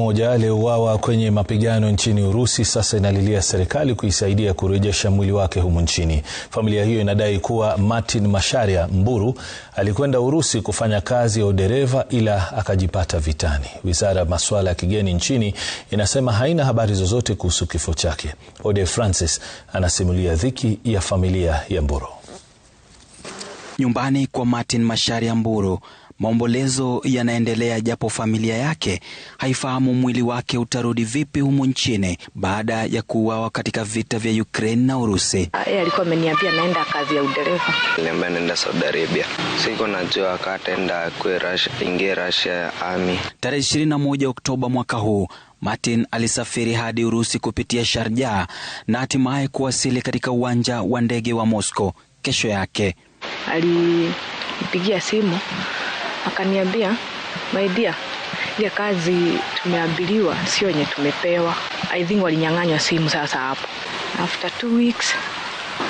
mmoja aliyeuawa kwenye mapigano nchini Urusi sasa inalilia serikali kuisaidia kurejesha mwili wake humu nchini. Familia hiyo inadai kuwa Martin Masharia Mburu alikwenda Urusi kufanya kazi ya udereva ila akajipata vitani. Wizara ya masuala ya kigeni nchini inasema haina habari zozote kuhusu kifo chake. Ode Francis anasimulia dhiki ya familia ya Mburu. Nyumbani kwa Martin Masharia Mburu Maombolezo yanaendelea japo familia yake haifahamu mwili wake utarudi vipi humu nchini baada ya kuuawa katika vita vya Ukraine na Urusi. alikuwa ameniambia naenda kazi ya udereva. niambia naenda Saudi Arabia. Siko najua akataenda kwe Russia, ingie Russia ya ami. Tarehe moja Oktoba mwaka huu Martin alisafiri hadi Urusi kupitia Sharjah na hatimaye kuwasili katika uwanja wa ndege wa Moscow kesho yake. Alipigia simu akaniambia my dear ile kazi tumeabiliwa sio yenye tumepewa i think walinyang'anywa simu sasa hapo after two weeks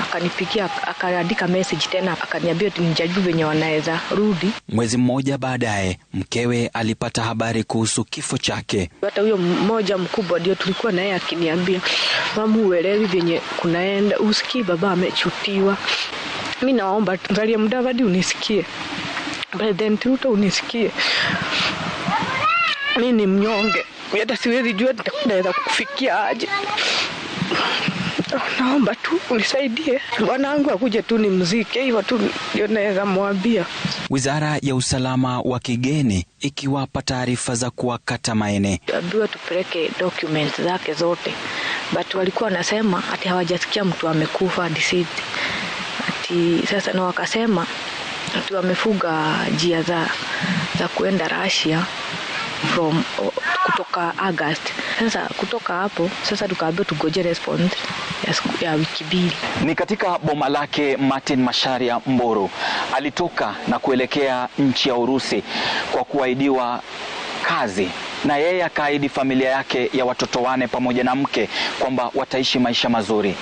akanipigia akaandika message tena akaniambia nijaribu venye wanaweza rudi. Mwezi mmoja baadaye, mkewe alipata habari kuhusu kifo chake. Hata huyo mmoja mkubwa ndio tulikuwa naye akiniambia, mamu, uelewi venye kunaenda, usikii baba amechutiwa. Mi naomba mzalia mdavadi unisikie presidenti Ruto unisikie, mi ni mnyonge, hata siwezi jua nitaweza kufikia aje. Naomba tu unisaidie, bwanangu akuje tu nimzike, hivyo tu ndio naweza mwambia. Wizara ya usalama wa kigeni ikiwapa taarifa za kuwakata maene, ambiwa tupeleke documents zake zote, but walikuwa wanasema ati hawajasikia mtu amekufa disiti ati sasa, na wakasema amefuga njia za, za kuenda Russia from kutoka August. Sasa kutoka hapo sasa tukaambiwa tugoje response ya wiki mbili. Ni katika boma lake Martin masharia Mburu alitoka na kuelekea nchi ya Urusi kwa kuahidiwa kazi na yeye akaahidi familia yake ya watoto wane pamoja na mke kwamba wataishi maisha mazuri.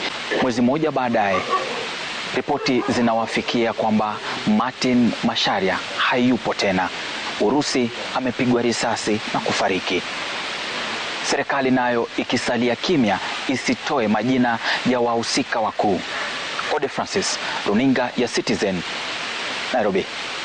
Mwezi mmoja baadaye Ripoti zinawafikia kwamba Martin masharia hayupo tena. Urusi amepigwa risasi na kufariki. Serikali nayo ikisalia kimya isitoe majina ya wahusika wakuu. Ode Francis, Runinga ya Citizen, Nairobi.